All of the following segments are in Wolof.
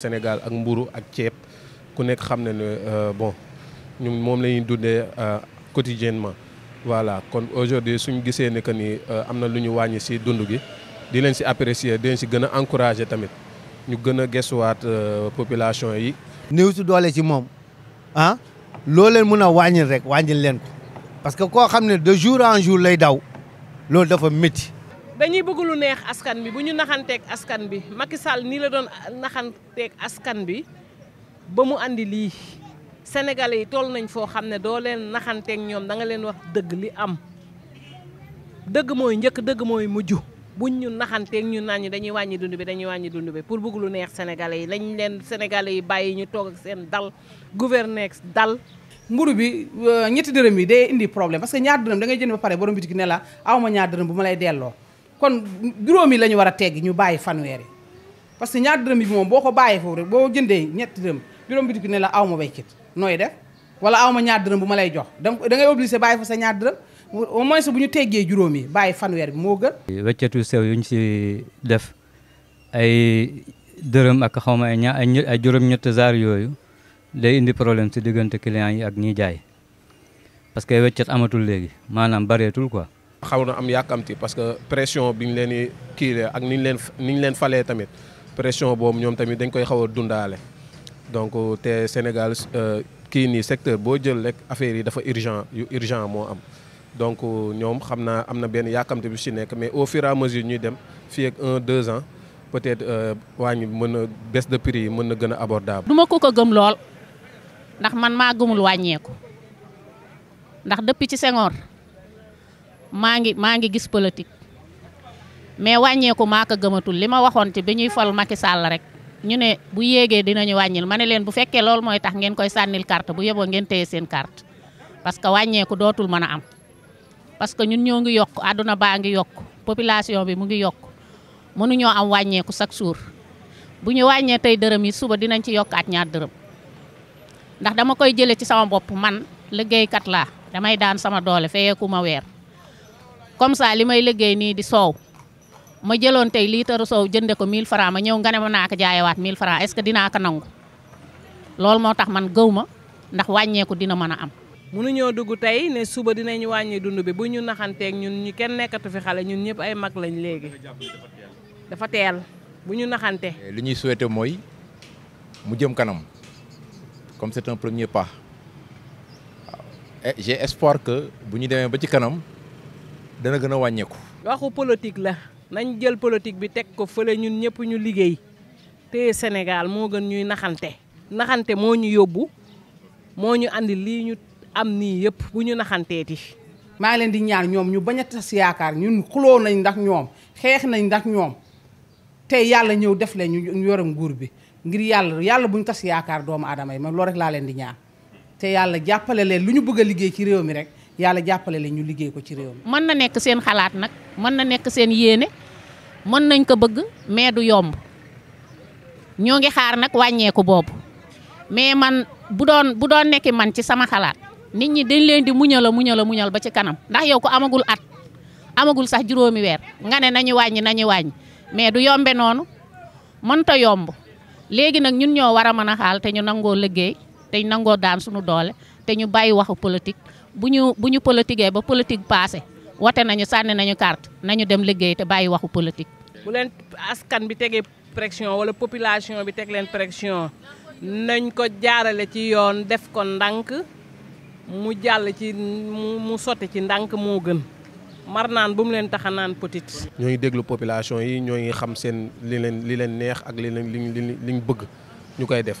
Sénégal ak mburu ak ceeb ku nek xam na ne euh, bon ñun mom lañuy dundé euh, quotidiennement voilà kon aujourd'hui suñu gisee né que ni euh, amna luñu wañi ci dundu gi di leen ci apprécier di leen ci gëna encourager tamit ñu gëna a gëstuwaat population yi. néew si doole ci mom ah lo leen mëna wañi rek wàññil leen ko parce que ko xamné de jour en jour lay daw lool dafa métti. dañuy bëgg lu neex askan bi bu ñu naxanteeg askan bi Macky Sall nii la doon naxanteeg askan bi ba mu indi lii sénégalais yi tool nañ foo xam ne doo leen naxanteeg ñoom da nga leen wax dëgg li am dëgg mooy njëkk dëgg mooy mujj buñ ñu naxanteeg ñu naan ñu dañuy wàññi dund bi dañuy wàññi dund bi pour bëgg lu neex sénégalais yi lañ leen sénégalais yi bàyyi ñu toog seen dal gouverner dal. mburu bi euh, ñetti dërëm yi day indi problème parce que ñaar dërëm da jënd ba pare borom bitik ne la aw ma ñaar dërëm bu ma lay delloo. kon juróom la lañu war a teggi ñu bàyyi fanweer yi parce que ñaar dërëm yi moom boo ko bàyyi foofu rek boo jëndee ñett dërëm juróom bi dikk ne la aw ma béykit nooy def wala aw ma ñaar dërëm bu ma lay jox donc da ngay obligé bàyyi fa sa ñaar dërëm au moins bu ñu teggee juróom yi bàyyi fanweer bi moo gën. weccetu sew yu ñu si def ay dërëm ak xaw ma ay ña ay juróom-ñett zaar yooyu day indi problème si diggante clients yi ak ñiy jaay parce que weccet amatul léegi maanaam bareetul quoi. xaw na am yàkkamti parce que pression bi ñu leen di kiilee ak ni leen ni leen falee tamit pression boobu ñoom tamit dañ koy xaw a dundaale donc te Sénégal euh, kii nii secteur boo jël rek affaire yi dafa urgent yu urgent moo am donc ñoom xam naa am na benn yàkkamte bi si nekk mais au fur et à mesure ñuy dem fii un deux ans peut-être euh, wàññi mën a baisse de prix yi mën na gën a abordable. du ma ko ko gëm lool ndax man maa gëmul wàññeeku ndax depuis ci Senghor maa ngi maa ngi gis politique mais wàññeeku maa ko gëmatul li ma waxoon ci bi ñuy fal Macky Sall rek ñu ne bu yéegee dinañu wàññil ma ne leen bu fekkee loolu mooy tax ngeen koy sànnil carte bu yeboo ngeen téye seen carte parce que wàññeeku dootul mën a am parce que ñun ñoo ngi yokk àdduna baa ngi yokk population bi mu ngi yokk mënuñoo am wàññeeku chaque jour bu ñu wàññee tey dërëm yi suba dinañ ci yokkaat ñaar dërëm ndax dama koy jëlee ci sama bopp man liggéeykat laa damay daan sama doole feyeeku ma weer comme ça li may liggéey nii di soow ma jëloon tey liitaru soow jënde ko 1000 francs ma ñëw nga ne ma naa ko jaayewaat 1000 francs est ce que dinaa ko nangu loolu moo tax man gëw ma ndax wàññeeku dina mën a am mënuñoo dugg tey ne suba dinañ wàññi dund bi bu ñu naxanteeg ñun ñu kenn nekkatu fi xale ñun ñëpp ay mag lañ léegi dafa teel bu ñu naxante li ñuy souhaité mooy mu jëm kanam comme c'est un premier pas waaw j'ai espoir que bu ñu demee ba ci kanam dana gën a wàññeeku. waxu politique la nañ jël politique bi teg ko fële ñun ñëpp ñu liggéey te Sénégal moo gën ñuy naxante naxante moo ñu yóbbu moo ñu andi lii ñu am nii yëpp bu ñu naxantee ti maa leen di ñaan ñoom ñu bañ a tas yaakaar ñun xuloo nañ ndax ñoom xeex nañ ndax ñoom tey yàlla ñëw def leen ñu yore nguur bi ngir yàlla yàlla buñ tas yaakaar doomu aadama yi man loo rek laa leen di ñaan. te yàlla jàppale leen lu ñu bëgg a liggéey ci réew mi rek yàlla jàppale la ñu liggéey ci réew mën na nekk seen xalaat nag mën na nekk seen yéene mën nañ ko bëgg mais du yomb ñoo ngi xaar nag wàññeeku boobu mais man bu doon bu doon nekki man ci sama xalaat nit ñi dañ leen di muñal a muñal a muñal ba ci kanam ndax yow ko amagul at amagul sax juróomi weer nga ne nañu wàññi nañu wàññi mais du yombe noonu mënta yomb léegi nag ñun ñoo war a mën a xaal te ñu nangoo liggéey. te nangoo daan suñu doole te ñu bàyyi waxu politique bu ñu bu ñu politiquee ba politique passé wote nañu sànni nañu carte nañu dem liggéey te bàyyi waxu politique. bu leen askan bi tegee pression wala population bi teg leen pression nañ ko jaarale ci yoon def ko ndànk mu jàll ci mu sotti ci ndànk moo gën. mar naan bu mu leen tax naan petit. ñoo ngi déglu population yi ñoo ngi xam seen li leen li leen neex ak li leen li liñ bëgg ñu koy def.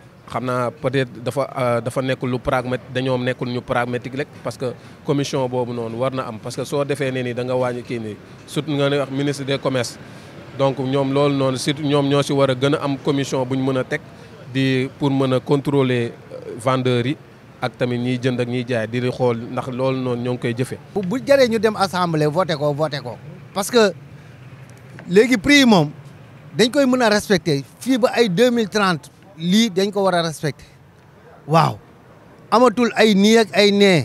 xamna peut-être dafa euh, dafa nekk lu pragmatique dañoo nekkul ñu pragmatique rek parce que commission bobu non warna am parce que so defee né ni da nga wàññi ki ni sut nga ne wax ministre des commerces donc ñom lool non surtout ñom ño ci wara gëna am commission buñ mëna tek di pour mëna contrôler euh, vendeurs yi ak tamit ñi jënd ak ñi jaay di xool ndax loolu noonu ñoo ngi koy jëfé bu jaré ñu dem assemblée voter ko voter ko parce que légui prix mom dañ koy mëna respecter fi ba ay 2030 lii dañ ko war a respecté waaw amatul ay nii ak ay nee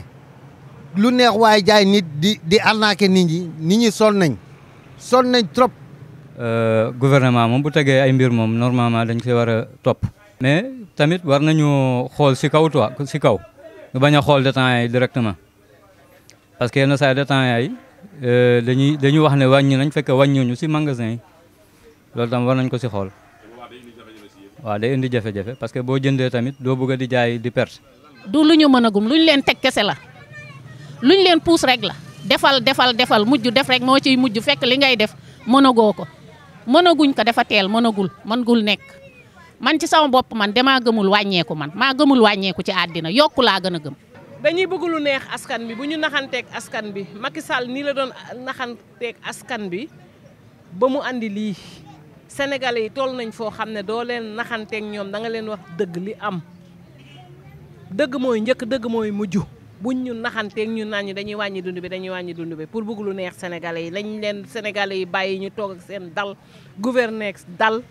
lu neex waaye jaay nit di di arnaquer nit yi nit ñi sol nañ sol nañ trop. Euh, gouvernement moom bu tegee ay mbir moom normalement dañ koy war a topp. mais tamit war nañu xool si kaw toi si kaw ñu bañ a xool détaillants yi directement parce que yenn saa détaillants yi euh, dañuy dañuy wax ne wàññi nañ fekk wàññiwuñu si magasin yi loolu tam war nañ ko si xool. waaw day indi jafe-jafe parce que boo jëndee tamit doo bëgg a di jaay di perte. du lu ñu mën lu ñu leen teg kese la lu ñu leen puus rek la defal defal defal mujj def rek moo ciy mujj fekk li ngay def mënagoo ko mënaguñ ko dafa teel mënagul mën gul nekk. man ci sama bopp man damaa gëmul wàññeeku man maa gëmul wàññeeku ci àddina yokku laa gën a gëm. dañuy bëgg lu neex askan bi bu ñu naxanteeg askan bi Macky Sall nii la doon naxanteeg askan bi ba mu andi lii. sénégalais yi tool nañ foo xam ne doo leen naxanteeg ñoom danga leen wax dëgg li am dëgg mooy njëkk dëgg mooy mujj buñ ñu naxanteek ñu naan ñu dañuy wàññi dund bi dañuy wàññi dund bi pour bëgg lu neex sénégalais yi lañ leen sénégalais yi bàyyi ñu toog ak seen dal gouverner dal